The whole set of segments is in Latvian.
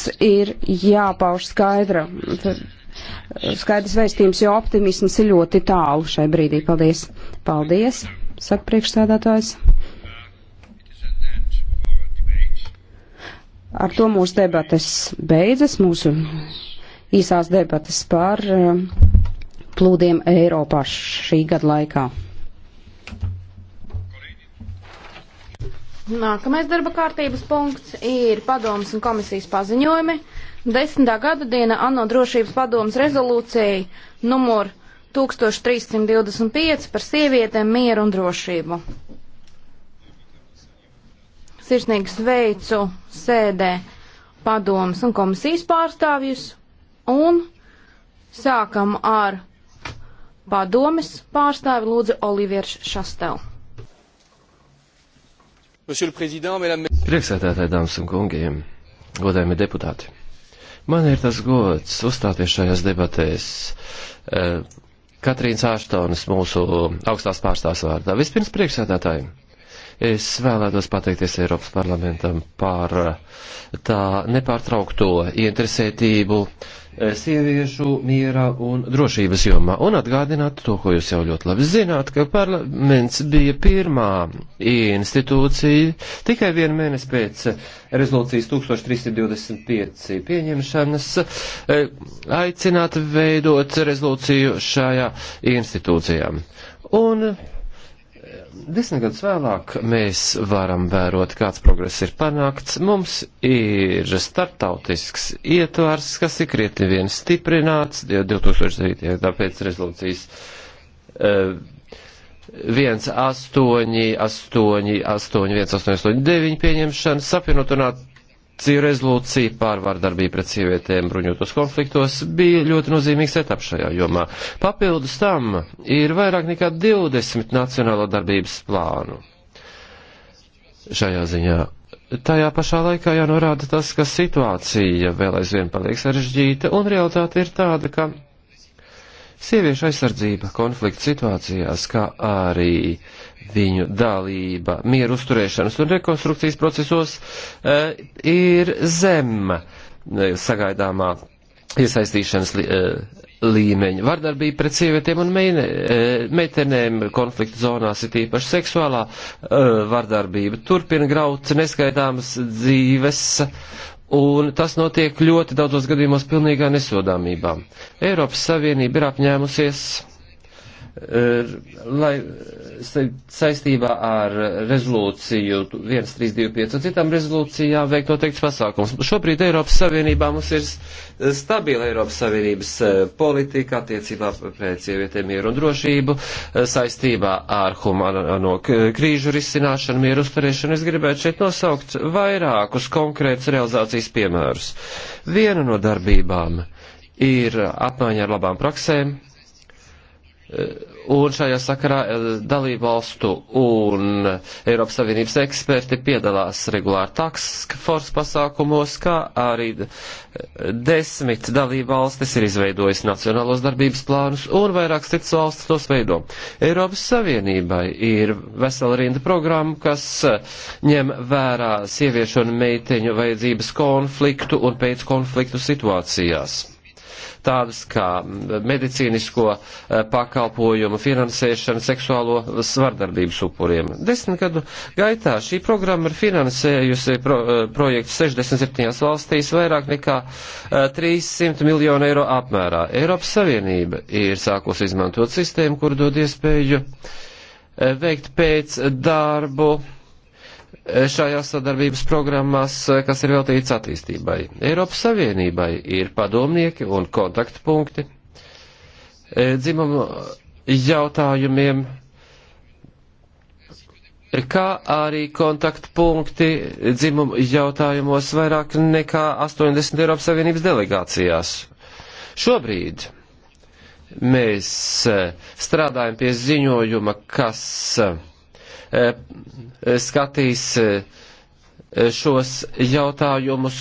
valsts ir jāpauž skaidra, skaidrs vēstījums, jo optimisms ir ļoti tālu šai brīdī. Paldies! Paldies, saka priekšsēdētājs. Ar to mūsu debates beidzas, mūsu īsās debates par uh, plūdiem Eiropā šī gada laikā. Nākamais darba kārtības punkts ir padomas un komisijas paziņojumi. Desmitā gada diena ANO drošības padomas rezolūcija numur 1325 par sievietēm mieru un drošību. Sirsnīgi sveicu sēdē padomas un komisijas pārstāvjus un sākam ar padomas pārstāvi Lūdzu Olivieru Šastelu. Priekšsēdētāji, dāmas un kungi, godējumi deputāti. Man ir tas gods uzstāties šajās debatēs. Eh, Katrīnas Ārštonas mūsu augstās pārstāvs vārdā. Vispirms priekšsēdētāji. Es vēlētos pateikties Eiropas parlamentam par tā nepārtraukto interesētību sieviešu miera un drošības jomā. Un atgādināt to, ko jūs jau ļoti labi zināt, ka parlaments bija pirmā institūcija tikai vienu mēnesi pēc eh, rezolūcijas 1325 pieņemšanas eh, aicināt veidot rezolūciju šajā institūcijā. Un Desmit gadus vēlāk mēs varam vērot, kāds progress ir panākts. Mums ir startautisks ietvars, kas ir krietni vien stiprināts 2009. pēc rezolūcijas 1, 8, 8, 8, 1, 8, 8, 9 pieņemšanas. Apvienoto rezolūciju, rezolūcija pār vardarbību pret sievietēm bruņotos konfliktos bija ļoti nozīmīgs etaps šajā jomā. Papildus tam ir vairāk nekā 20 nacionālo darbības plānu. Šajā ziņā Tajā pašā laikā jānorāda tas, ka situācija vēl aizvien paliek sarežģīta, un realitāte ir tāda, ka Sieviešu aizsardzība konflikta situācijās, kā arī viņu dalība mieru uzturēšanas un rekonstrukcijas procesos e, ir zem e, sagaidāmā iesaistīšanas e, līmeņa. Vardarbība pret sievietēm un meine, meitenēm konflikta zonās ir tīpaši seksuālā vardarbība. Turpina graut neskaidāmas dzīves un tas notiek ļoti daudzos gadījumos pilnīgā nesodāmībā. Eiropas Savienība ir apņēmusies Eh, lai saistībā ar rezolūciju 1325 un citām rezolūcijām veikt noteikts pasākums. Šobrīd Eiropas Savienībā mums ir stabila Eiropas Savienības eh, politika attiecībā pret sievietēm mieru un drošību, eh, saistībā ar humano krīžu risināšanu, mieru uzturēšanu. Es gribētu šeit nosaukt vairākus konkrētus realizācijas piemērus. Viena no darbībām ir apmaiņa ar labām praksēm, Eh, un šajā sakarā eh, dalībvalstu un Eiropas Savienības eksperti piedalās regulāri taksforce pasākumos, kā arī eh, desmit dalībvalstis ir izveidojis nacionālos darbības plānus un vairākas citas valstis tos veido. Eiropas Savienībai ir vesela rinda programma, kas ņem vērā sieviešu un meiteņu vajadzības konfliktu un pēc konfliktu situācijās tādas kā medicīnisko eh, pakalpojumu finansēšana seksuālo svardarbības upuriem. Desmit gadu gaitā šī programma ir finansējusi pro, eh, projektu 67 valstīs vairāk nekā 300 eh, miljonu eiro apmērā. Eiropas Savienība ir sākusi izmantot sistēmu, kur dod iespēju veikt pēc darbu šajās sadarbības programmās, eh, kas ir veltīts attīstībai. Eiropas Savienībai ir padomnieki un kontaktpunkti eh, dzimumu jautājumiem, kā arī kontaktpunkti dzimumu jautājumos vairāk nekā 80 Eiropas Savienības delegācijās. Šobrīd mēs eh, strādājam pie ziņojuma, kas Eh, eh, skatīs eh, šos jautājumus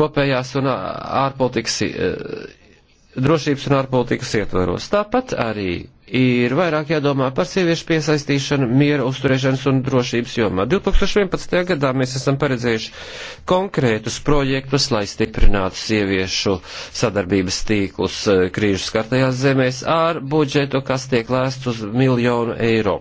kopējās un ārpolitikas, drošības un ārpolitikas ietvaros. Tāpat arī ir vairāk jādomā par sieviešu piesaistīšanu miera uzturēšanas un drošības jomā. 2011. gadā mēs esam paredzējuši konkrētus projektus, lai stiprinātu sieviešu sadarbības tīklus eh, krīžu skartajās zemēs ar budžetu, kas tiek lēsts uz miljonu eiro.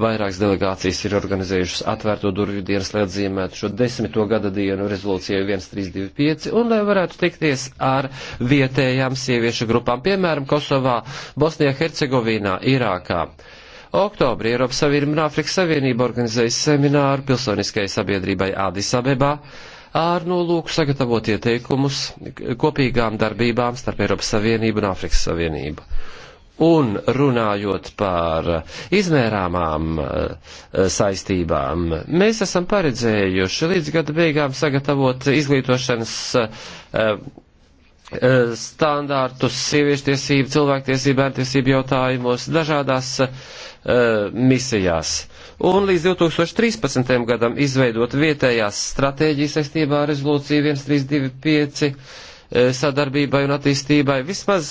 Vairākas delegācijas ir organizējušas atvērto durvju dienas, lai atzīmētu šo desmito gada dienu rezolūcijai 1325 un lai varētu tikties ar vietējām sieviešu grupām, piemēram, Kosovā, Bosnijā, Hercegovīnā. Bahreinā, Irākā. Oktobrī Eiropas Savienība un Āfrikas Savienība organizēja semināru pilsoniskajai sabiedrībai Adisabebā ar nolūku sagatavot ieteikumus kopīgām darbībām starp Eiropas Savienību un Āfrikas Savienību. Un runājot par izmērāmām eh, saistībām, mēs esam paredzējuši līdz gada beigām sagatavot izglītošanas eh, Eh, standārtus sieviešu tiesību, cilvēktiesību, bērntiesību jautājumos dažādās uh, misijās. Un līdz 2013. gadam izveidot vietējās stratēģijas saistībā ar rezolūciju 1325 eh, sadarbībai un attīstībai vismaz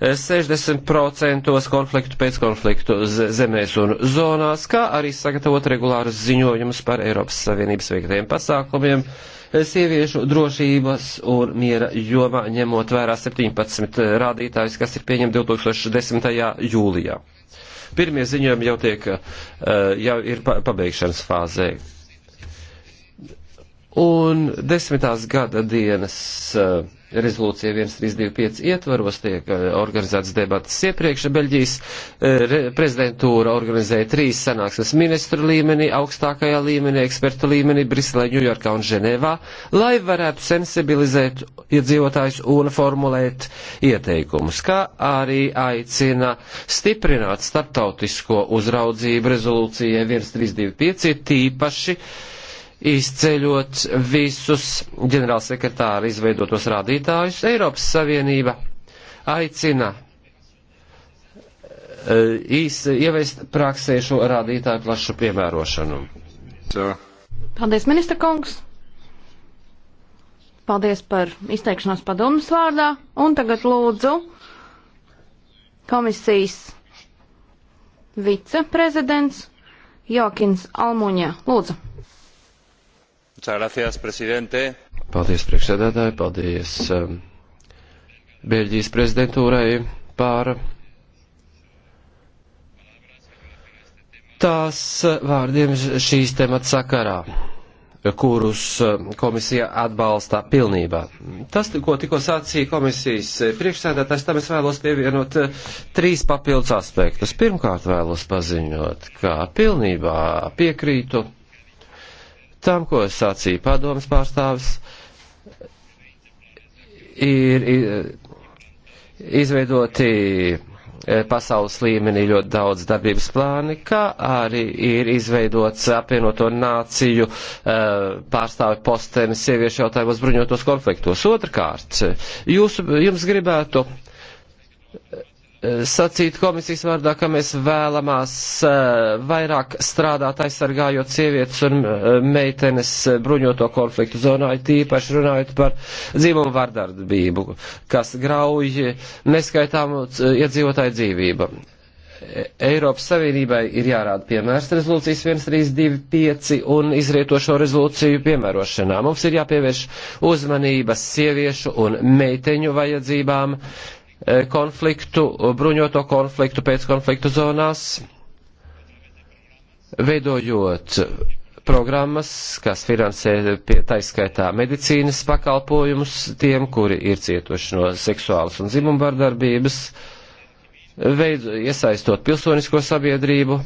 60% konfliktu pēc konfliktu zemēs un zonās, kā arī sagatavot regulārus ziņojumus par Eiropas Savienības veiktajiem pasākumiem, uh, sieviešu drošības un miera jomā, ņemot vērā 17 rādītājus, kas ir pieņemti 2010. jūlijā. Pirmie ziņojumi jau, tiek, eh, jau ir pabeigšanas fāzē. Un desmitās gada dienas uh, rezolūcija 1325 ietvaros tiek eh, organizēts debatas iepriekš. Beļģijas eh, prezidentūra organizēja trīs sanāksmes ministru līmenī, augstākajā līmenī, ekspertu līmenī, Briselē, Ņujorkā un Ženēvā, lai varētu sensibilizēt iedzīvotājus un formulēt ieteikumus, kā arī aicina stiprināt starptautisko uzraudzību rezolūcijai 1325 tīpaši izceļot visus ģenerālsekretāra izveidotos rādītājus. Eiropas Savienība aicina e, īs, ievest praksē šo rādītāju plašu piemērošanu. So. Paldies, ministra kungs! Paldies par izteikšanos padomus vārdā, un tagad lūdzu komisijas viceprezidents Jokins Almuņā. Lūdzu! Paldies priekšsēdētāji, paldies um, Bēļģijas prezidentūrai par tās vārdiem šīs temats sakarā, kurus um, komisija atbalsta pilnībā. Tas, ko tikko sacīja komisijas priekšsēdētājs, tam es vēlos pievienot uh, trīs papildus aspektus. Pirmkārt vēlos paziņot, ka pilnībā piekrītu tam, ko sacīja padomas pārstāvis, ir izveidoti e, pasaules līmenī ļoti daudz darbības plāni, kā arī ir izveidots apvienoto nāciju e, pārstāvi posteni sieviešu jautājumos bruņotos konfliktos. Otrkārt, e, jūs, jums gribētu sacīt komisijas vārdā, ka mēs vēlamās eh, vairāk strādāt aizsargājot sievietes un eh, meitenes bruņoto konfliktu zonā, tīpaši runājot par dzimumu vardarbību, kas grauj neskaitāmu eh, iedzīvotāju dzīvību. Eiropas Savienībai ir jārāda piemērs rezolūcijas 1325 un izrietošo rezolūciju piemērošanā. Mums ir jāpievērš uzmanības sieviešu un meiteņu vajadzībām, uh, E, konfliktu, bruņoto konfliktu pēc konfliktu zonās, veidojot programmas, kas finansē taiskaitā medicīnas pakalpojumus tiem, kuri ir cietuši no seksuālas un dzimumbardarbības, veidu, iesaistot pilsonisko sabiedrību,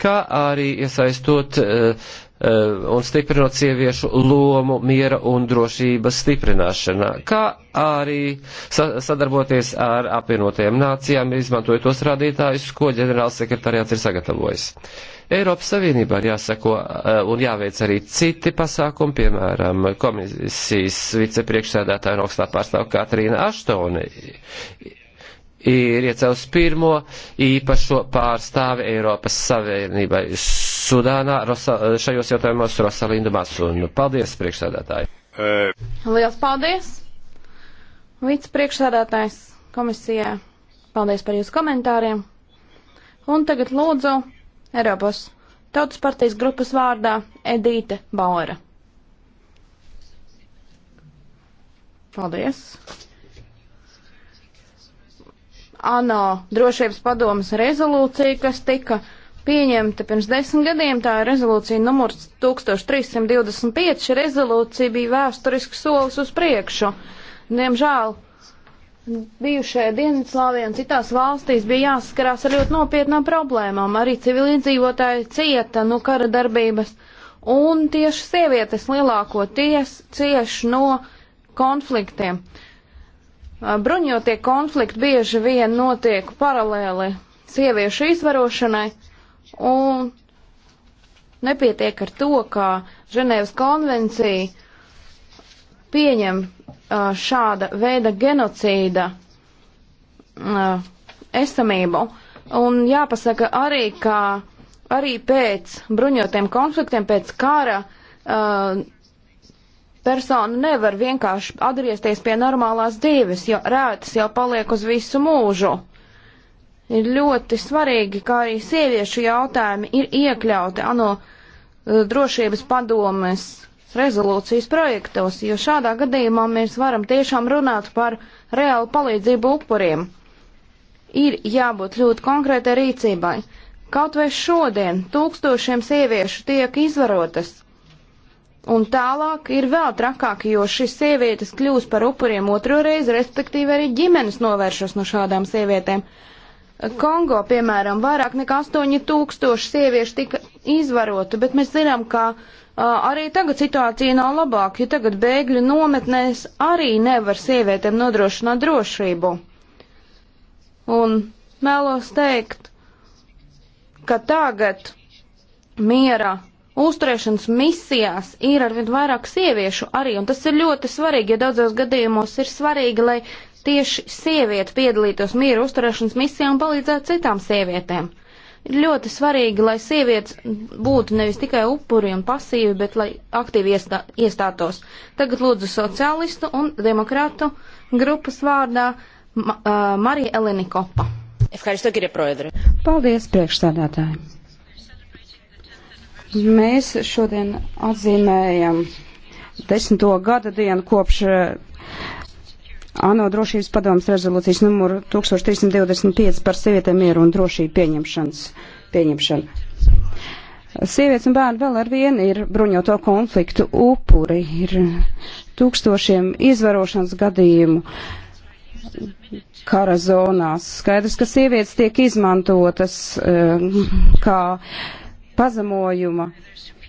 kā arī iesaistot uh, Eh, un stiprinot sieviešu lomu miera un drošības stiprināšanā, kā arī sa sadarboties ar apvienotajām nācijām, izmantojot tos rādītājus, ko ģenerālsekretariāts ir sagatavojis. Eiropas Savienībā ir jāsako eh, un jāveic arī citi pasākumi, piemēram, komisijas vicepriekšsēdētāja un augstā pārstāva Katrīna Aštoni ir iecels pirmo īpašo pārstāvi Eiropas Savienībai Sudānā Rosa, šajos jautājumos Rosalindu Masunu. Paldies, priekšsēdētāji! Liels paldies! Vicepriekšsēdētājs komisijā, paldies par jūsu komentāriem. Un tagad lūdzu Eiropas Tautas partijas grupas vārdā Edīte Bauera. Paldies! ANO drošības padomas rezolūcija, kas tika pieņemta pirms desmit gadiem. Tā ir rezolūcija numurs 1325. Šī rezolūcija bija vēsturisks solis uz priekšu. Diemžēl bijušajā Dienvidslāvijā un citās valstīs bija jāsaskarās ar ļoti nopietnām problēmām. Arī civilizētāji cieta no kara darbības. Un tieši sievietes lielākoties cieš no konfliktiem. Uh, Bruņotie konflikti bieži vien notiek paralēli sieviešu izvarošanai, un nepietiek ar to, ka Ženēvas konvencija pieņem šāda veida genocīda esamību. Un jāpasaka arī, ka arī pēc bruņotiem konfliktiem, pēc kara, uh, persona nevar vienkārši atgriezties pie normālās dzīves, jo rētas jau paliek uz visu mūžu. Ir ļoti svarīgi, kā arī sieviešu jautājumi ir iekļauti ANO eh, drošības padomes rezolūcijas projektos, jo šādā gadījumā mēs varam tiešām runāt par reālu palīdzību upuriem. Ir jābūt ļoti konkrētai rīcībai. Kaut vai šodien tūkstošiem sieviešu tiek izvarotas Un tālāk ir vēl trakāk, jo šis sievietes kļūs par upuriem otro reizi, respektīvi arī ģimenes novēršas no šādām sievietēm. Kongo, piemēram, vairāk nekā 8000 sieviešu tika izvarota, bet mēs zinām, ka uh, arī tagad situācija nav labāka, jo tagad bēgļu nometnēs arī nevar sievietēm nodrošināt drošību. Un vēlos teikt, ka tagad miera uzturēšanas misijās ir arvien vairāk sieviešu arī, un tas ir ļoti svarīgi, jo daudzos gadījumos ir svarīgi, lai tieši sieviete piedalītos mīra uzturēšanas misijā un palīdzētu citām sievietēm. Ir ļoti svarīgi, lai sievietes būtu nevis tikai upuri un pasīvi, bet lai aktīvi iestā, iestātos. Tagad lūdzu sociālistu un demokrātu grupas vārdā ma, uh, Marija Eleni Kopa. Paldies priekšstādātājiem! Mēs šodien atzīmējam desmito gada dienu kopš eh, ANO drošības padomas rezolūcijas numuru 1325 par sievietēm mieru un drošību pieņemšanas. Pieņemšanu. Sievietes un bērni vēl ar vienu ir bruņoto konfliktu upuri, ir tūkstošiem izvarošanas gadījumu kara zonās. Skaidrs, ka sievietes tiek izmantotas eh, kā pazemojuma,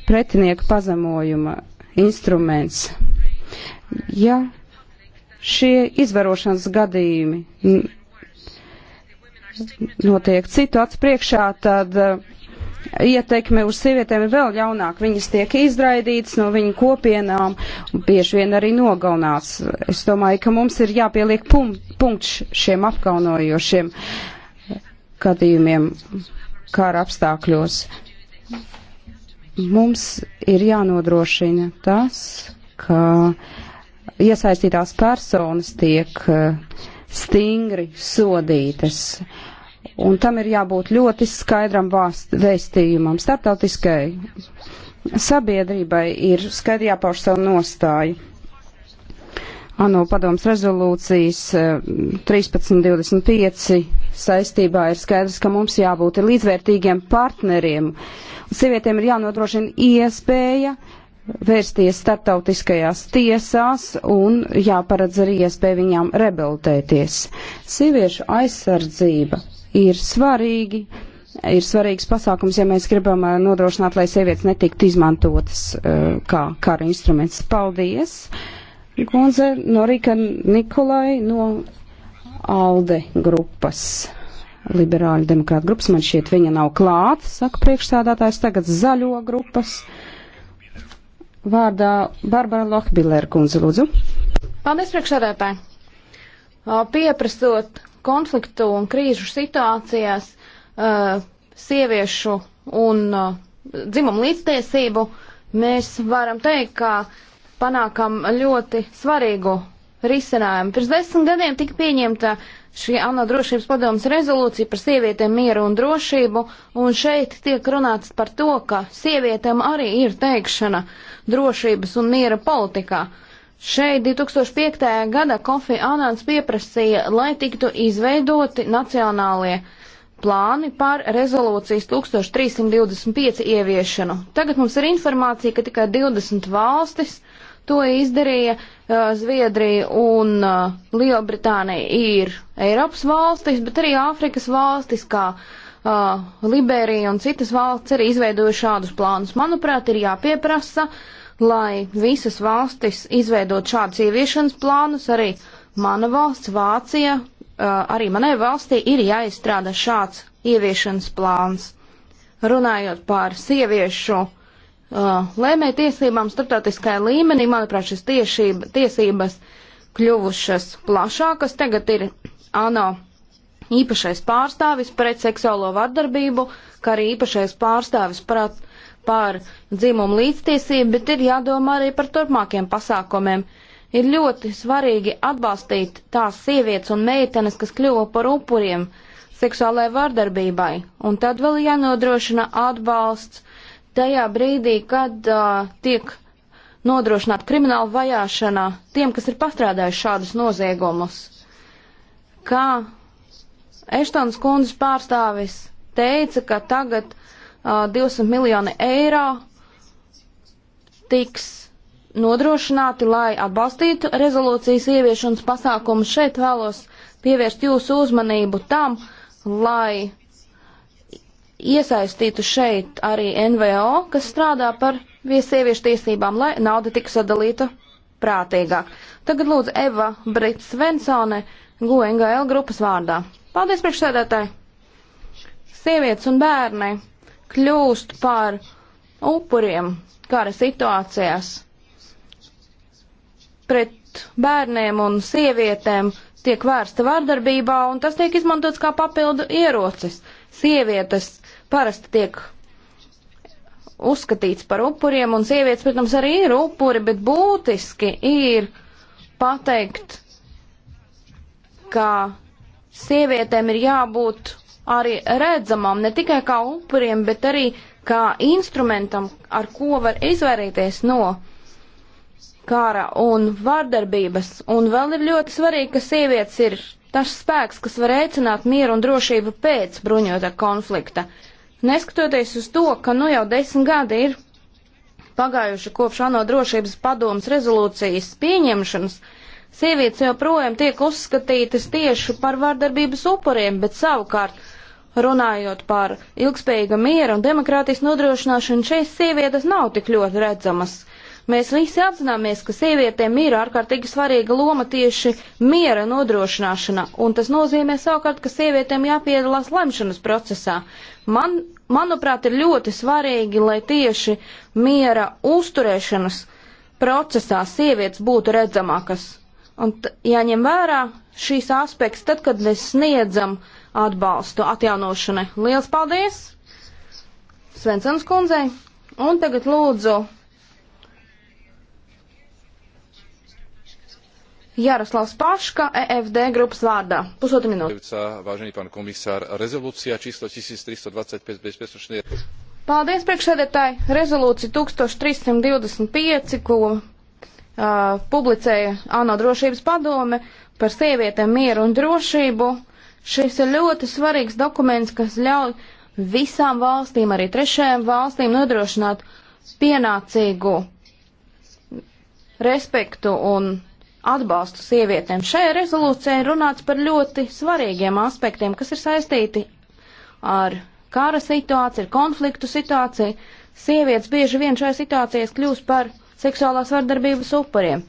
pretinieku pazemojuma instruments. Ja šie izvarošanas gadījumi notiek citu acu priekšā, tad uh, ietekme uz sievietēm ir vēl ļaunāk. Viņas tiek izraidītas no viņu kopienām un bieži vien arī nogalnāts. Es domāju, ka mums ir jāpieliek punkts šiem apkaunojošiem gadījumiem kāra apstākļos. Mums ir jānodrošina tas, ka iesaistītās personas tiek eh, stingri sodītas. Un tam ir jābūt ļoti skaidram vēstījumam. Startautiskai sabiedrībai ir skaidri jāpauž savu nostāju. ANO padomas rezolūcijas 1325 eh, saistībā ir skaidrs, ka mums jābūt līdzvērtīgiem partneriem. Sievietēm ir jānodrošina iespēja vērsties startautiskajās tiesās un jāparedz arī iespēja viņām rebeltēties. Sieviešu aizsardzība ir svarīgi. Ir svarīgs pasākums, ja mēs gribam eh, nodrošināt, lai sievietes netiktu izmantotas eh, kā kara instruments. Paldies! Gonze Norika Nikolai no ALDE grupas liberāļu demokrātu grupas, man šķiet, viņa nav klāta, saka priekšstādātājs, tagad zaļo grupas. Vārdā Barbara Lohbiller kundze, lūdzu. Paldies, priekšstādātāji. Pieprasot konfliktu un krīžu situācijās sieviešu un dzimumu līdztiesību, mēs varam teikt, ka panākam ļoti svarīgu risinājumu. Pirms desmit gadiem tika pieņemta šī ANO drošības padomas rezolūcija par sievietēm mieru un drošību, un šeit tiek runāts par to, ka sievietēm arī ir teikšana drošības un miera politikā. Šeit 2005. gada Kofi Anāns pieprasīja, lai tiktu izveidoti nacionālie plāni par rezolūcijas 1325 ieviešanu. Tagad mums ir informācija, ka tikai 20 valstis To izdarīja uh, Zviedrija un uh, Lielbritānija ir Eiropas valstis, bet arī Āfrikas valstis, kā uh, Liberija un citas valsts arī izveidojuši šādus plānus. Manuprāt, ir jāpieprasa, lai visas valstis izveidot šādus ieviešanas plānus, arī mana valsts Vācija, uh, arī manai valstī ir jāizstrāda šāds ieviešanas plāns. Runājot par sieviešu uh, Uh, lēmēja tiesībām starptautiskajā līmenī, manuprāt, šis tiešība, tiesības kļuvušas plašākas. Tagad ir ANO īpašais pārstāvis pret seksuālo vardarbību, kā arī īpašais pārstāvis pret, par dzimumu līdztiesību, bet ir jādomā arī par turpmākiem pasākumiem. Ir ļoti svarīgi atbalstīt tās sievietes un meitenes, kas kļuva par upuriem seksuālajai vardarbībai, un tad vēl jānodrošina atbalsts uh, tajā brīdī, kad uh, tiek nodrošināta krimināla vajāšana tiem, kas ir pastrādājuši šādus noziegumus. Kā Eštons kundzes pārstāvis teica, ka tagad uh, 200 miljoni eiro tiks nodrošināti, lai atbalstītu rezolūcijas ieviešanas pasākumus. Šeit vēlos pievērst jūsu uzmanību tam, lai iesaistītu šeit arī NVO, kas strādā par sieviešu tiesībām, lai nauda tiktu sadalīta prātīgāk. Tagad lūdzu Eva Brits Svensone, GONGL grupas vārdā. Paldies priekšsēdētāji! Sievietes un bērni kļūst par upuriem kara situācijās. Pret bērniem un sievietēm tiek vērsta vardarbībā, un tas tiek izmantots kā papildu ierocis sievietes parasti tiek uzskatīts par upuriem, un sievietes, protams, arī ir upuri, bet būtiski ir pateikt, ka sievietēm ir jābūt arī redzamām, ne tikai kā upuriem, bet arī kā instrumentam, ar ko var izvairīties no kara un vardarbības. Un vēl ir ļoti svarīgi, ka sievietes ir tas spēks, kas var veicināt mieru un drošību pēc bruņotā konflikta. Neskatoties uz to, ka nu jau desmit gadi ir pagājuši kopš ANO drošības padomas rezolūcijas pieņemšanas, sievietes joprojām tiek uzskatītas tieši par vārdarbības upuriem, bet savukārt runājot par ilgspējīga miera un demokrātijas nodrošināšanu, šeit sievietes nav tik ļoti redzamas. Mēs visi apzināmies, ka sievietēm ir ārkārtīgi svarīga loma tieši miera nodrošināšanā, un tas nozīmē savukārt, ka sievietēm jāpiedalās lemšanas procesā. Man, manuprāt, ir ļoti svarīgi, lai tieši miera uzturēšanas procesā sievietes būtu redzamākas. Un jāņem vērā šīs aspekts tad, kad mēs sniedzam atbalstu atjaunošanai. Liels paldies! Svensons kundzei! Un tagad lūdzu Jaroslavs Paška, EFD grupas vārdā. Pusotru minūti. Vážený pán komisār, rezolūcija číslo 1325 bezpečnosti. Paldies, priekšsēdētāji. Rezolūcija 1325, ko uh, publicēja ANO drošības padome par sievietēm mieru un drošību. Šis ir ļoti svarīgs dokuments, kas ļauj visām valstīm, arī trešajām valstīm nodrošināt pienācīgu respektu un atbalstu sievietēm. Šajā rezolūcijā ir runāts par ļoti svarīgiem aspektiem, kas ir saistīti ar kara situāciju, ar konfliktu situāciju. Sievietes bieži vien šajā situācijā kļūst par seksuālās vardarbības upuriem.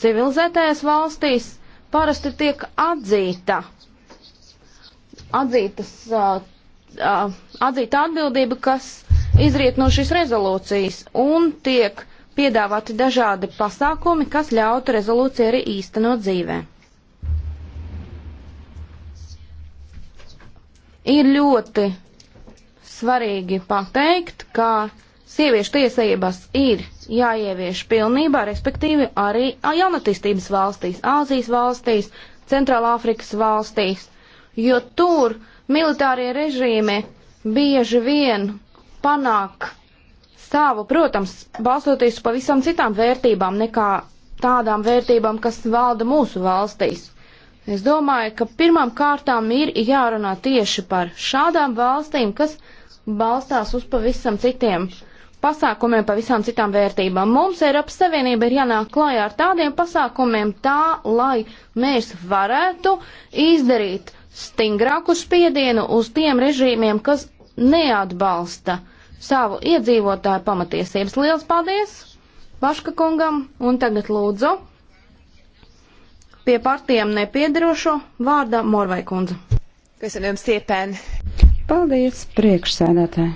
Civilizētajās valstīs parasti tiek atzīta, atzītas, uh, uh, atzīta atbildība, kas izriet no šīs rezolūcijas un tiek piedāvāti dažādi pasākumi, kas ļautu rezolūciju arī īstenot dzīvē. Ir ļoti svarīgi pateikt, ka sieviešu tiesības ir jāievieš pilnībā, respektīvi arī jaunatīstības valstīs, Āzijas valstīs, Centrālāfrikas valstīs, jo tur militārie režīmi bieži vien panāk stāvu, protams, balstoties uz pavisam citām vērtībām nekā tādām vērtībām, kas valda mūsu valstīs. Es domāju, ka pirmām kārtām ir jārunā tieši par šādām valstīm, kas balstās uz pavisam citiem pasākumiem, pavisam citām vērtībām. Mums Eiropas Savienība ir jānāk klājā ar tādiem pasākumiem tā, lai mēs varētu izdarīt stingrāku spiedienu uz tiem režīmiem, kas neatbalsta uh, savu iedzīvotāju pamatiesības. Liels paldies Paška kungam un tagad lūdzu pie partijām nepiedarošo vārda Morvai kundze. Köszönöm szépen! Paldies, priekšsēdētāji!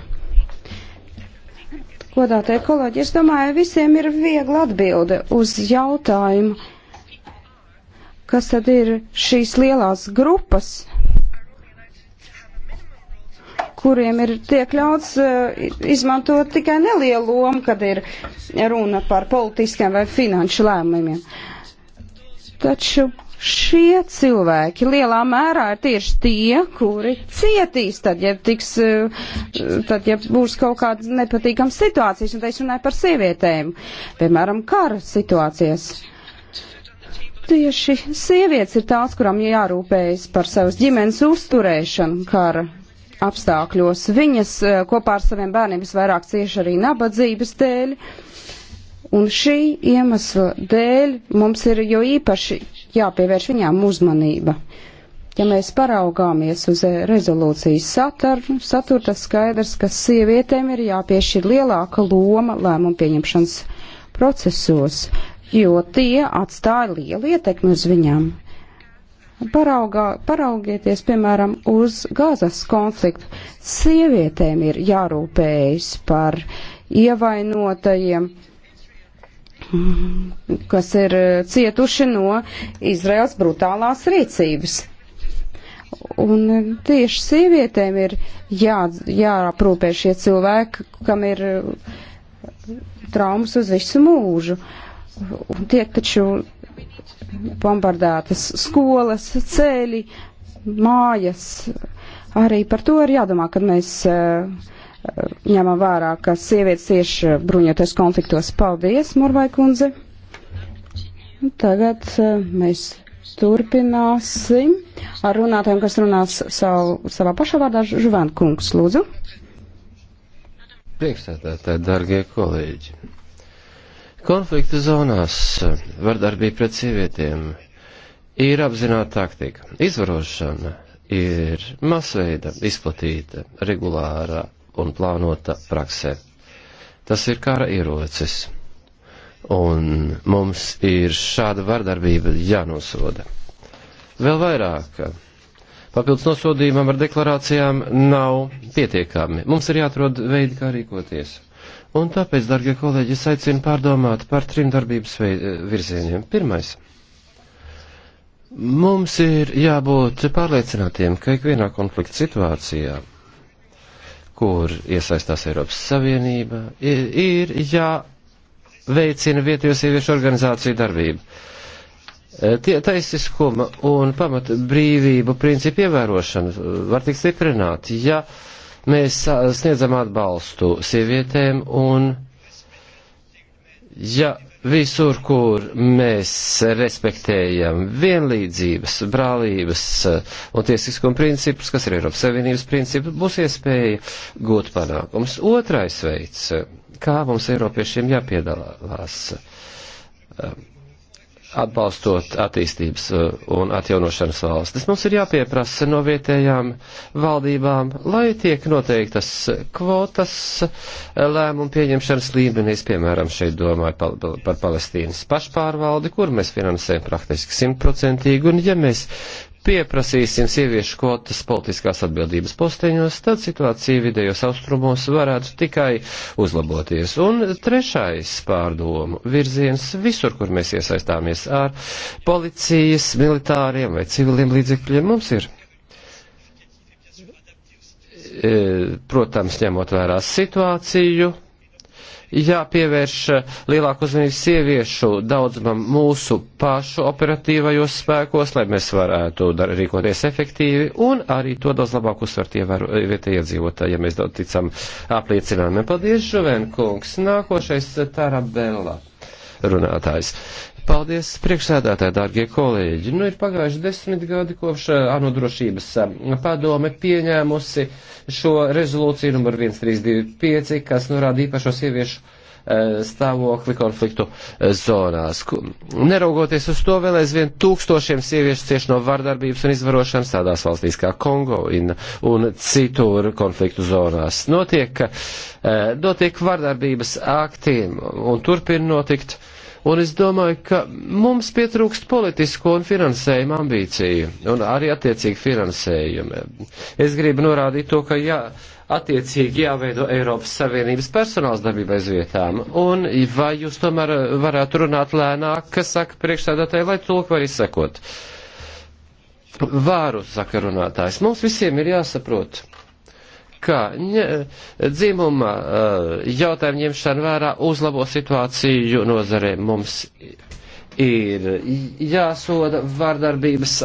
Godātie kolēģi, es domāju, visiem ir viegli atbilde uz jautājumu, kas tad ir šīs lielās grupas, kuriem ir tiek ļauts eh, izmantot tikai nelielu lomu, kad ir runa par politiskiem vai finanšu lēmumiem. Taču šie cilvēki lielā mērā ir tieši tie, kuri cietīs, tad, ja, tiks, eh, tad, ja būs kaut kādas nepatīkamas situācijas, un te es runāju par sievietēm, piemēram, kara situācijas. Tieši sievietes ir tās, kurām jārūpējas par savas ģimenes uzturēšanu kara apstākļos. Viņas e, kopā ar saviem bērniem visvairāk cieši arī nabadzības dēļ. Un šī iemesla dēļ mums ir jo īpaši jāpievērš viņām uzmanība. Ja mēs paraugāmies uz e, rezolūcijas saturu, satur, tas skaidrs, ka sievietēm ir jāpiešķir lielāka loma lēmumu pieņemšanas procesos, jo tie atstāja lielu ietekmi uz viņām. Paraugā, paraugieties, piemēram, uz Gazas konfliktu. Sievietēm ir jārūpējas par ievainotajiem, kas ir eh, cietuši no Izraels brutālās rīcības. Un eh, tieši sievietēm ir jā, jāaprūpē šie cilvēki, kam ir eh, traumas uz visu mūžu. Un tiek taču bombardētas skolas, ceļi, mājas. Arī par to ir jādomā, kad mēs uh, ņemam vērā, ka sievietes tieši bruņoties konfliktos. Paldies, Morvai kundze. Tagad uh, mēs turpināsim ar runātājiem, kas runās savu, savā pašā vārdā. Žuvēn kungs, lūdzu. Priekšsēdētāji, dargie kolēģi. Konflikta zonās vardarbība pret sievietēm ir apzināta taktika. Izvarošana ir masveida, izplatīta, regulārā un plānota praksē. Tas ir kara ierocis. Un mums ir šāda vardarbība jānosoda. Vēl vairāk papildus nosodījumam ar deklarācijām nav pietiekami. Mums ir jāatrod veidi, kā rīkoties. Un tāpēc, darbie kolēģi, es aicinu pārdomāt par trim darbības virzieniem. Pirmais. Mums ir jābūt pārliecinātiem, ka ikvienā konflikta situācijā, kur iesaistās Eiropas Savienība, ir jāveicina vietējos sieviešu organizāciju darbību. E, tie taisiskuma un pamata brīvību principu ievērošana var tikt stiprināti, ja mēs sniedzam atbalstu sievietēm un, ja visur, kur mēs respektējam vienlīdzības, brālības un tiesiskuma principus, kas ir Eiropas Savienības principi, būs iespēja gūt panākums. Otrais veids, kā mums Eiropiešiem jāpiedalās. Um, atbalstot attīstības uh, un atjaunošanas valstis. Mums ir jāpieprasa no vietējām valdībām, lai tiek noteiktas kvotas uh, lēmumu pieņemšanas līmenīs, piemēram, šeit domāju par Palestīnas pašpārvaldi, kur mēs finansējam praktiski simtprocentīgi, un ja mēs pieprasīsim sieviešu kvotas politiskās atbildības posteņos, tad situācija vidējos austrumos varētu tikai uzlaboties. Un trešais pārdomu virziens visur, kur mēs iesaistāmies ar policijas, militāriem vai civiliem līdzekļiem, mums ir e, protams, ņemot vērā situāciju, jāpievērš eh, lielāku uzmanību sieviešu daudzumam mūsu pašu operatīvajos spēkos, lai mēs varētu dar, rīkoties efektīvi un arī to daudz labāk uzsvert vietējie iedzīvotāji, ja mēs daudz ticam apliecinājumiem. Paldies, Žuvenkungs. Nākošais eh, Tarabella runātājs. Paldies, priekšsēdētāji, dārgie kolēģi. Nu, ir pagājuši desmit gadi, kopš eh, ANO drošības eh, padome pieņēmusi šo rezolūciju numur 1325, kas norāda īpašo sieviešu eh, stāvokli konfliktu zonās. Neraugoties uz to, vēl aizvien tūkstošiem sieviešu cieši no vardarbības un izvarošanas tādās valstīs kā Kongo in, un citur konfliktu zonās. Notiek, notiek vardarbības akti un turpin notikt. Uh, Un es domāju, ka mums pietrūkst politisko un finansējumu ambīciju, un arī attiecīgi finansējumu. Es gribu norādīt to, ka jā, attiecīgi jāveido Eiropas Savienības personāls darbībais vietām. Un vai jūs tomēr varētu runāt lēnāk, kas saka priekšsēdētāji, lai tulk var izsekot? Vāru saka runātājs. Mums visiem ir jāsaprot ka dzimuma eh, jautājumu ņemšana vērā uzlabo situāciju nozarē. Mums ir jāsoda vardarbības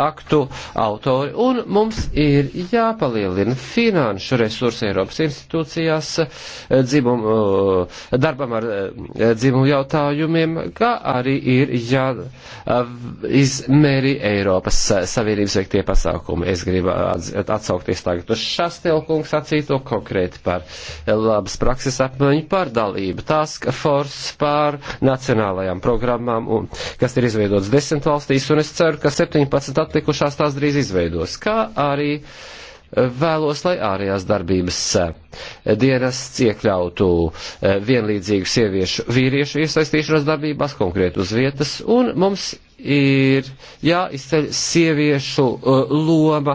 aktu autori, un mums ir jāpalielina finanšu resursi Eiropas institūcijās dzimumu, darbam ar dzimumu jautājumiem, kā arī ir jāizmēri Eiropas Savienības veiktie pasākumi. Es gribu atsaukties tagad uz Šastelkungs sacīto konkrēti par labas prakses apmaiņu, par dalību task force, par nacionālajām programmām programmām, un, kas ir izveidotas desmit valstīs, un es ceru, ka 17 atlikušās tās drīz izveidos. Kā arī eh, vēlos, lai ārējās darbības eh, dienests iekļautu eh, vienlīdzīgu sieviešu vīriešu iesaistīšanos darbībās konkrēt uz vietas, un mums ir jāizceļ sieviešu loma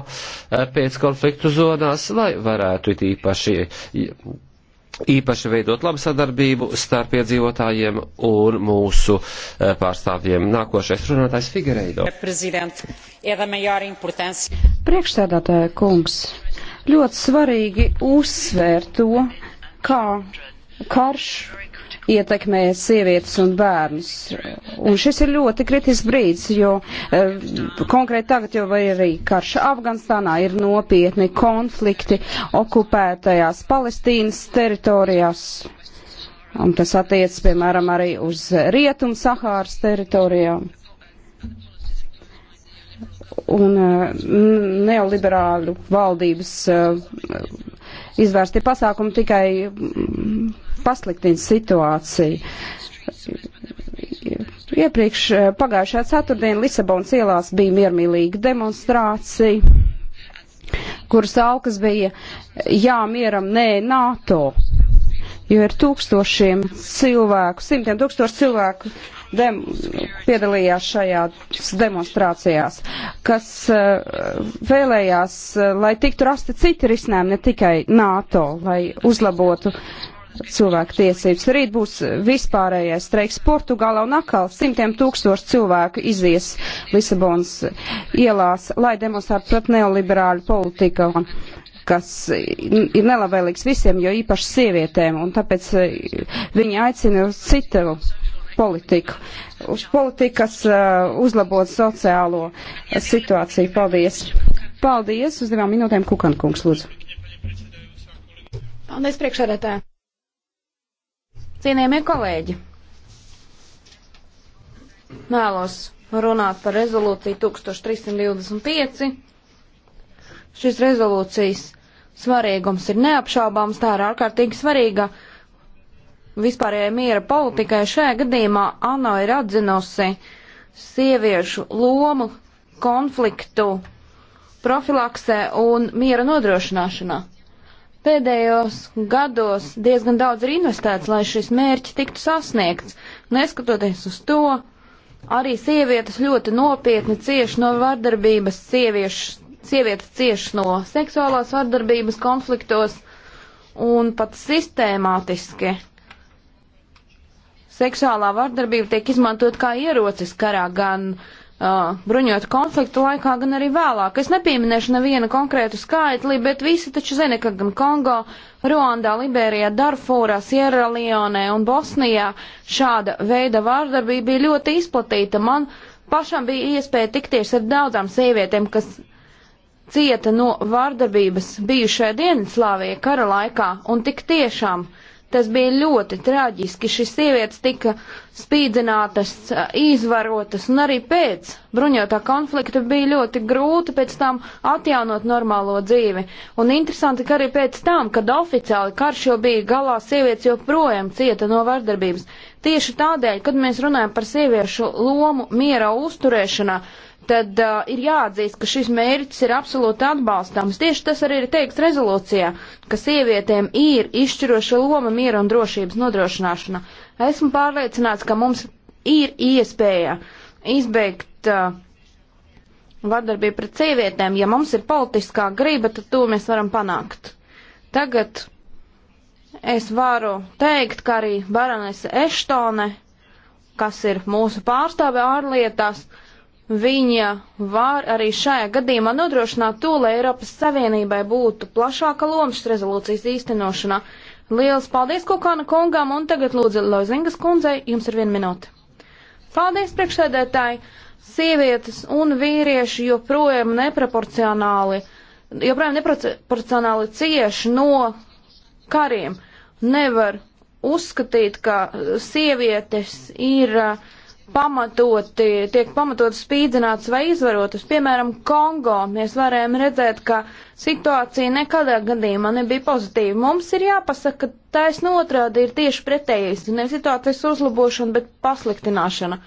pēc konfliktu zonās, lai varētu it īpaši īpaši veidot labu sadarbību starp iedzīvotājiem un mūsu eh, pārstāvjiem. Nākošais runātājs Figueiredo. Priekšstādātāja kungs, ļoti svarīgi uzsvērt to, kā karš ietekmē sievietes un bērnus. Un šis ir ļoti kritisks brīdis, jo eh, konkrēti tagad jau vai arī karš Afganistānā ir nopietni konflikti okupētajās Palestīnas teritorijās. Un tas attiec, piemēram, arī uz rietumu Sahāras teritorijām. Un eh, neoliberāļu valdības eh, izvērstie pasākumi tikai pasliktina situāciju. Iepriekš eh, pagājušajā ceturtdienā Lisabonas ielās bija miermīlīga demonstrācija, kuras alkas bija eh, jā, mieram, nē, NATO, jo ir tūkstošiem cilvēku, simtiem tūkstošu cilvēku dem, piedalījās šajās demonstrācijās, kas uh, vēlējās, uh, lai tiktu rasti citi risinājumi, ne tikai NATO, lai uzlabotu uh, cilvēku tiesības. Rīt būs vispārējais streiks Portugāla un atkal simtiem tūkstoši cilvēku izies Lisabonas ielās, lai demonstrētu pret neoliberāļu politiku kas ir nelabvēlīgs visiem, jo īpaši sievietēm, un tāpēc eh, viņi aicina uz citu politiku, uz politiku, kas eh, uzlabot sociālo situāciju. Paldies! Paldies! Uz divām minūtēm Kukankungs, lūdzu. Paldies, priekšsēdētāji! Cienījamie kolēģi, vēlos runāt par rezolūciju 1325. Šis rezolūcijas svarīgums ir neapšaubāms, tā ir ārkārtīgi svarīga vispārējai miera politikai. Šajā gadījumā ANO ir atzinusi sieviešu lomu konfliktu profilaksē un miera nodrošināšanā. Pēdējos gados diezgan daudz ir investēts, lai šis mērķis tiktu sasniegts. Neskatoties uz to, arī sievietes ļoti nopietni cieši no vardarbības, sieviešu, sievietes cieši no seksuālās vardarbības konfliktos un pat sistēmātiski seksuālā vardarbība tiek izmantot kā ierocis karā gan uh, Uh, bruņotu konfliktu laikā, gan arī vēlāk. Es nepieminēšu nevienu konkrētu skaitli, bet visi taču zina, ka gan Kongo, Ruandā, Liberijā, Darfūrā, Sierraleonē un Bosnijā šāda veida vārdarbība bija ļoti izplatīta. Man pašam bija iespēja tikties ar daudzām sievietēm, kas cieta no vārdarbības bijušajā Dienvidslāvijā kara laikā, un tik tiešām uh, Tas bija ļoti traģiski. Šīs sievietes tika spīdzinātas, izvarotas, un arī pēc bruņotā konflikta bija ļoti grūti pēc tam atjaunot normālo dzīvi. Un interesanti, ka arī pēc tam, kad oficiāli karš jau bija galā, sievietes joprojām cieta no vardarbības. Tieši tādēļ, kad mēs runājam par sieviešu lomu miera uzturēšanā, tad uh, ir jāatzīst, ka šis mērķis ir absolūti atbalstāms. Tieši tas arī ir teikts rezolūcijā, ka sievietēm ir izšķiroša loma miera un drošības nodrošināšanā. Esmu pārliecināts, ka mums ir iespēja izbeigt uh, vardarbību pret sievietēm. Ja mums ir politiskā grība, tad to mēs varam panākt. Tagad es varu teikt, ka arī Baronese Eštone, kas ir mūsu pārstāve ārlietās, uh, viņa var arī šajā gadījumā nodrošināt to, lai Eiropas Savienībai būtu plašāka loma šīs rezolūcijas īstenošanā. Lielas paldies Kokāna kungām un tagad lūdzu Lozingas kundzei, jums ir viena minūte. Paldies priekšsēdētāji! Sievietes un vīrieši joprojām neproporcionāli, joprojām neproporcionāli cieši no kariem. Nevar uzskatīt, ka sievietes ir uh, pamatoti, tiek pamatot spīdzināts vai izvarotas. Piemēram, Kongo mēs varējām redzēt, ka situācija nekadā gadījumā nebija pozitīva. Mums ir jāpasaka, ka taisn otrādi ir tieši pretējais, ne situācijas uzlabošana, bet pasliktināšana.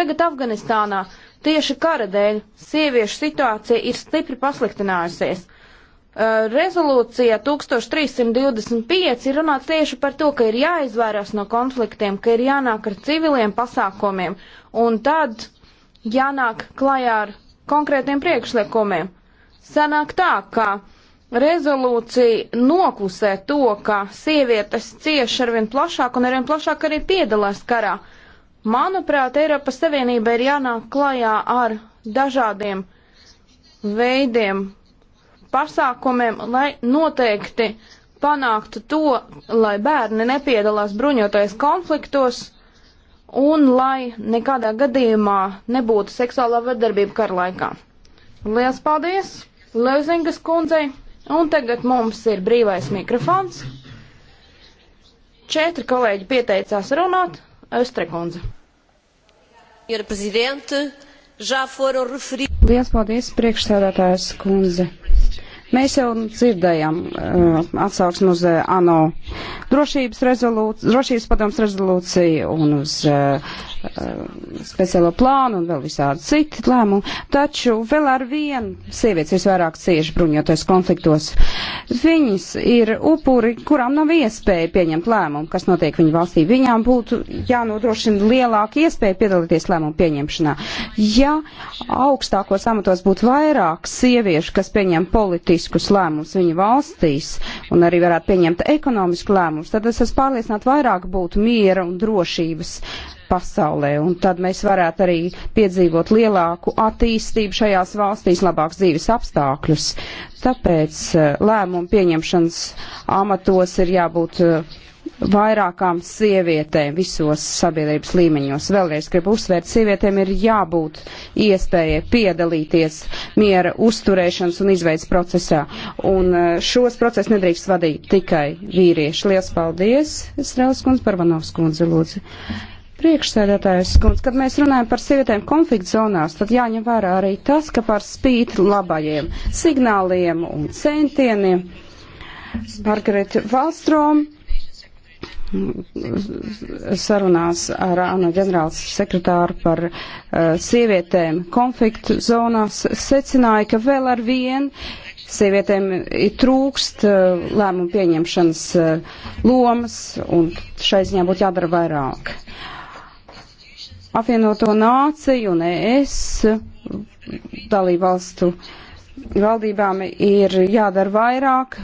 Tagad Afganistānā tieši kara dēļ sieviešu situācija ir stipri pasliktinājusies. Eh, rezolūcijā 1325 ir runāts tieši par to, ka ir jāizvairās no konfliktiem, ka ir jānāk ar civiliem pasākumiem un tad jānāk klajā ar konkrētiem priekšlikumiem. Sanāk tā, ka rezolūcija noklusē to, ka sievietes cieši arvien plašāk un arvien plašāk arī piedalās karā. Manuprāt, Eiropas Savienība ir jānāk klajā ar dažādiem veidiem pasākumiem, lai noteikti panāktu to, lai bērni nepiedalās bruņotais konfliktos un lai nekādā gadījumā nebūtu seksuālā vardarbība kara laikā. Lielas paldies Leuzingas kundzei, un tagad mums ir brīvais mikrofons. Četri kolēģi pieteicās runāt, Östre kundze. Lielas paldies priekšsēdētājas kundze. Mēs jau dzirdējām uh, atsauksmi uz uh, ANO drošības, drošības padoms rezolūciju un uz uh, uh, speciālo plānu un vēl visādi citi lēmumi, taču vēl ar vienu sievietes visvairāk cieši bruņoties konfliktos. Viņas ir upuri, kurām nav iespēja pieņemt lēmumu, kas notiek viņu valstī. Viņām būtu jānodrošina lielāka iespēja piedalīties lēmumu pieņemšanā. Ja augstākos amatos būtu vairāk sieviešu, kas pieņem politisku politiskus lēmumus viņu valstīs un arī varētu pieņemt ekonomisku lēmumus, tad es esmu pārliecināta vairāk būtu miera un drošības pasaulē. Un tad mēs varētu arī piedzīvot lielāku attīstību šajās valstīs, labāks dzīves apstākļus. Tāpēc eh, lēmumu pieņemšanas amatos ir jābūt eh, vairākām sievietēm visos sabiedrības līmeņos. Vēlreiz gribu uzsvērt, sievietēm ir jābūt iespējai piedalīties miera uzturēšanas un izveids procesā. Un eh, šos procesus nedrīkst vadīt tikai vīrieši. Lielas paldies, Srēlas kundze, par Vanovs kundze, lūdzu. Priekšsēdētājs skundz, kad mēs runājam par sievietēm konflikt zonās, tad jāņem vērā arī tas, ka par spīti labajiem signāliem un centieniem Margarita Valstrom sarunās ar ANO ģenerāls sekretāru par uh, sievietēm konfliktu zonās secināja, ka vēl ar vienu sievietēm trūkst uh, lēmumu pieņemšanas uh, lomas un šai ziņā būtu jādara vairāk. Apvienoto nāciju un ES dalībvalstu valdībām ir jādara vairāk,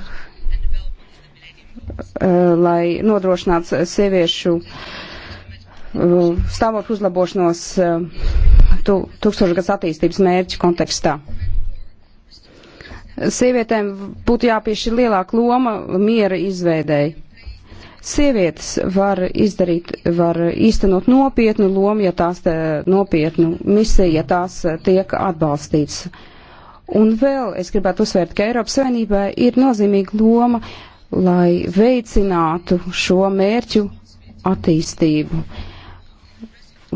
Uh, lai nodrošinātu sieviešu uh, stāvokļu uzlabošanos uh, tu, tūkstošgads attīstības mērķu kontekstā. Sievietēm būtu jāpiešķir lielāka loma miera izveidēji. Sievietes var izdarīt, var īstenot nopietnu lomu, ja tās te, nopietnu misiju, ja tās tiek atbalstīts. Un vēl es gribētu uzsvērt, ka Eiropas Savienībai ir nozīmīga loma uh, lai veicinātu šo mērķu attīstību.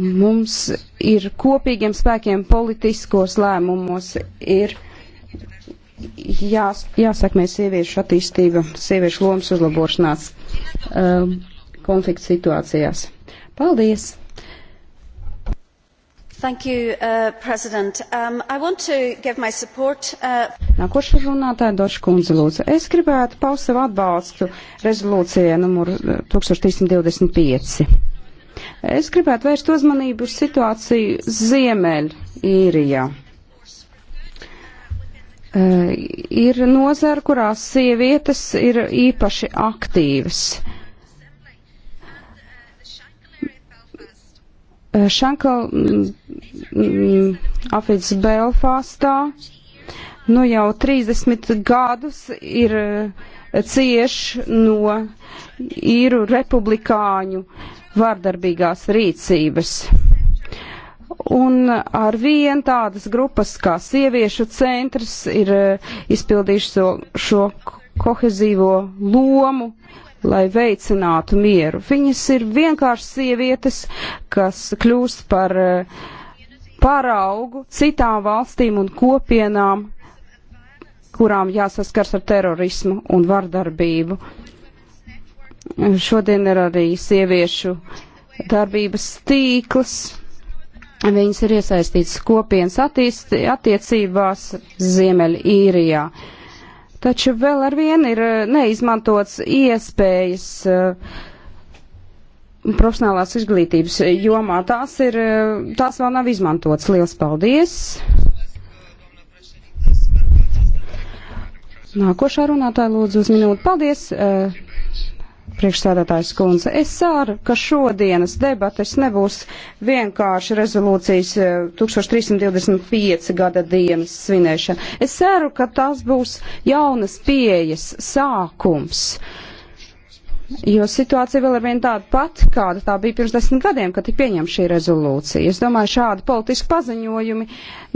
Mums ir kopīgiem spēkiem politiskos lēmumos ir jās, jāsakmē sieviešu attīstība, sieviešu lomas uzlabošanās um, konflikts situācijās. Paldies! Uh, um, uh... Nākošais runātāja Doša Kundze lūdzu. Es gribētu paust savu atbalstu rezolūcijai numur 1325. Uh, es gribētu vērst uzmanību uz situāciju Ziemeļīrijā. Uh, ir nozara, kurās sievietes ir īpaši aktīvas. Uh, Eh, Šankal mm, mm, apvidus Belfāstā nu jau 30 gadus ir eh, cieš no īru republikāņu vārdarbīgās rīcības. Un ar vien tādas grupas kā sieviešu centrs ir eh, izpildījuši šo, šo kohezīvo lomu, lai veicinātu mieru. Viņas ir vienkārši sievietes, kas kļūst par eh, paraugu citām valstīm un kopienām, kurām jāsaskars ar terorismu un vardarbību. Šodien ir arī sieviešu darbības tīkls. Viņas ir iesaistītas kopienas attiecībās Ziemeļīrijā. īrijā Taču vēl ar vienu ir eh, neizmantots iespējas eh, profesionālās izglītības jomā. Tās, ir, eh, tās vēl nav izmantotas. Liels paldies! Nākošā runātāja lūdzu uz minūti. Paldies! priekšstādātājs kundze. Es ceru, ka šodienas debates nebūs vienkārši rezolūcijas 1325 eh, gada dienas svinēšana. Es ceru, ka tās būs jaunas pieejas sākums. Jo situācija vēl ir vien tāda pati, kāda tā bija pirms desmit gadiem, kad tika pieņemta šī rezolūcija. Es domāju, šādi politiski paziņojumi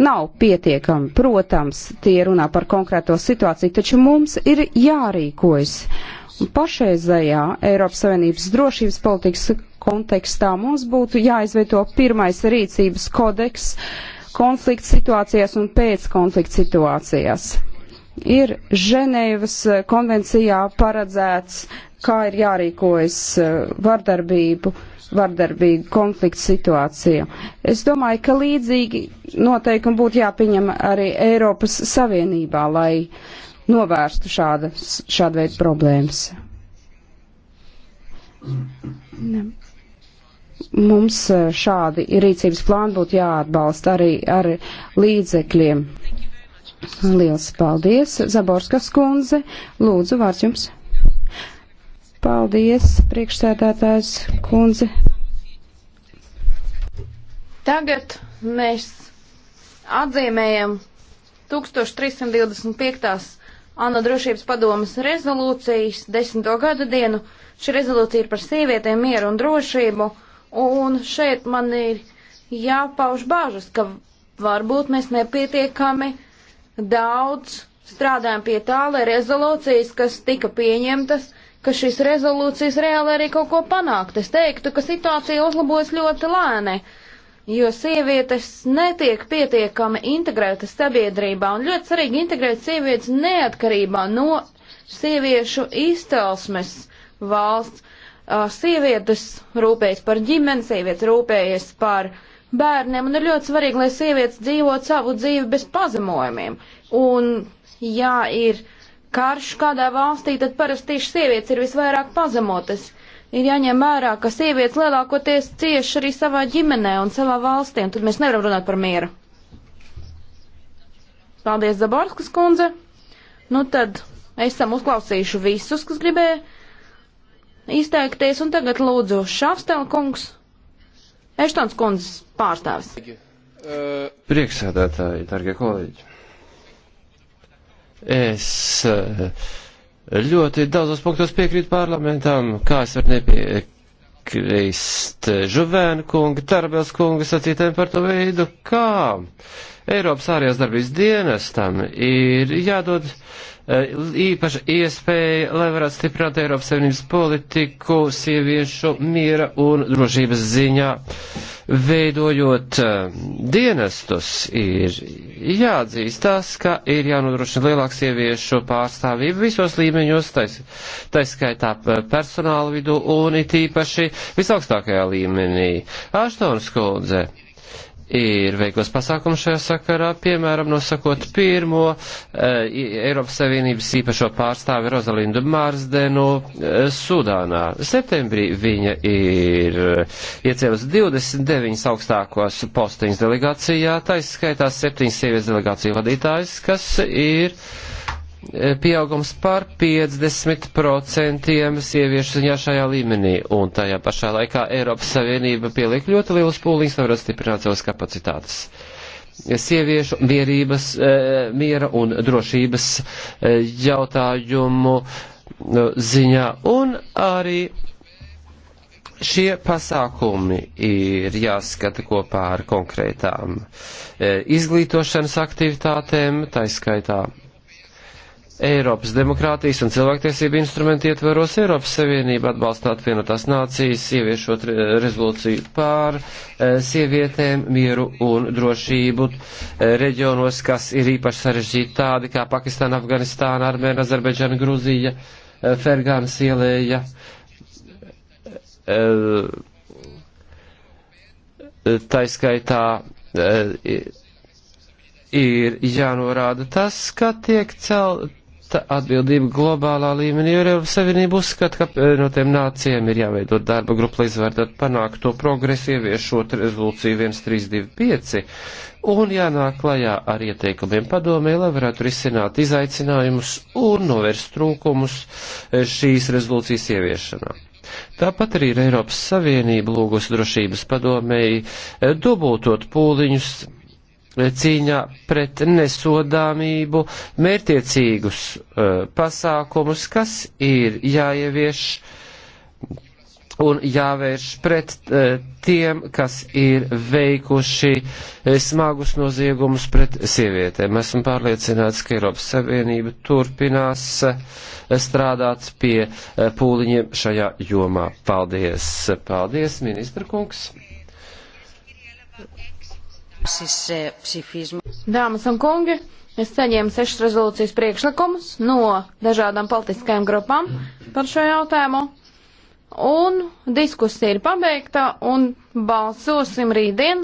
nav pietiekami. Protams, tie runā par konkrēto situāciju, taču mums ir jārīkojas. Uh, pašreizējā Eiropas Savienības drošības politikas kontekstā mums būtu jāizveido pirmais rīcības kodeks konflikta situācijās un pēckonflikta situācijās. Ir Ženēvas eh, konvencijā paredzēts, kā ir jārīkojas eh, vardarbību, vardarbīgu konfliktu situācija. Es domāju, ka līdzīgi noteikumi būtu jāpieņem arī Eiropas Savienībā, lai uh, novērstu šāda, šāda veida problēmas. Ne. Mums e, šādi rīcības plāni būtu jāatbalsta arī ar līdzekļiem. Liels paldies, Zaborskas kundze. Lūdzu, vārds jums. Paldies, priekšsēdētājs kundze. Tagad mēs atzīmējam 1325. ANO drošības padomas rezolūcijas desmito gada dienu. Šī rezolūcija ir par sievietēm, mieru un drošību, un šeit man ir jāpauž bāžas, ka varbūt mēs nepietiekami daudz strādājam pie tā, lai rezolūcijas, kas tika pieņemtas, ka šīs rezolūcijas reāli arī kaut ko panākt. Es teiktu, ka situācija uzlabojas ļoti lēni. Uh, jo sievietes netiek pietiekami integrētas sabiedrībā, un ļoti svarīgi integrēt sievietes neatkarībā no sieviešu izcelsmes valsts. Sievietes rūpējas par ģimeni, sievietes rūpējas par bērniem, un ir ļoti svarīgi, lai sievietes dzīvot savu dzīvi bez pazemojumiem. Un, ja ir karš kādā valstī, tad parasti tieši sievietes ir visvairāk pazemotas ir jāņem vērā, ka sievietes lielākoties cieši arī savā ģimenē un savā valstī, un tad mēs nevaram runāt par mieru. Paldies, Zaborskas kundze. Nu tad esam uzklausījuši visus, kas gribēja izteikties, un tagad lūdzu Šafstēl kungs, Eštons kundzes pārstāvis. Uh, Prieksēdētāji, dargie kolēģi. Es. Uh, Ļoti daudzos punktos piekrīt parlamentam, kā es varu nepiekrist Žuvēna kunga, Tarbels kunga sacītēm par to veidu, kā Eiropas ārējās darbības dienestam ir jādod e, īpaša iespēja, lai varētu stiprināt Eiropas Savienības politiku sieviešu miera un drošības ziņā. Veidojot e, dienestus, ir jāatzīst tas, ka ir jānodrošina lielāka sieviešu pārstāvība visos līmeņos, taiskaitā personāla vidū un it īpaši visaugstākajā līmenī. Aštonas kundze ir veiklas pasākums šajā sakarā, piemēram, nosakot pirmo e, Eiropas Savienības īpašo pārstāvi Rozalindu Mārsdenu e, eh, Sudānā. Septembrī viņa ir eh, iecēlusi 29 augstākos postiņas delegācijā, taisa skaitā 7 sievietes delegāciju vadītājs, kas ir. E, pieaugums par 50% sieviešu ziņā šajā līmenī, un tajā pašā laikā Eiropas Savienība pieliek ļoti lielus pūliņus, lai varētu stiprināt savas kapacitātes. Sieviešu mierības, eh, miera un drošības eh, jautājumu eh, ziņā, un arī šie pasākumi ir jāskata kopā ar konkrētām izglītošanas aktivitātēm, taiskaitā Eiropas demokrātijas un cilvēktiesību instrumenti ietveros Eiropas Savienību atbalstā apvienotās nācijas, ieviešot rezolūciju pār eh, sievietēm, mieru un drošību eh, reģionos, kas ir īpaši sarežģīti tādi kā Pakistāna, Afganistāna, Armēna, Azerbeidžana, Grūzija, eh, Fergāna ielēja. Taiskaitā ir jānorāda tas, ka tiek celt valsta atbildība globālā līmenī, jo Eiropas Savienība uzskata, ka eh, no tiem nācijiem ir jāveido darba grupa, lai izvērtētu panākto progresu, ieviešot rezolūciju 1325 un jānāk klajā ar ieteikumiem padomē, lai varētu risināt izaicinājumus un novērst trūkumus eh, šīs rezolūcijas ieviešanā. Tāpat arī ir Eiropas Savienība lūgus drošības padomēji eh, dubultot pūliņus cīņā pret nesodāmību mērtiecīgus eh, pasākumus, kas ir jāievieš un jāvērš pret eh, tiem, kas ir veikuši eh, smagus noziegumus pret sievietēm. Esmu pārliecināts, ka Eiropas Savienība turpinās strādāt pie pūliņiem šajā jomā. Paldies, paldies, ministra kungs! Eh, Dāmas un kungi, es saņēmu sešas rezolūcijas priekšlikumus no dažādām politiskajām grupām par šo jautājumu. Un diskusija ir pabeigta un balsosim rītdien.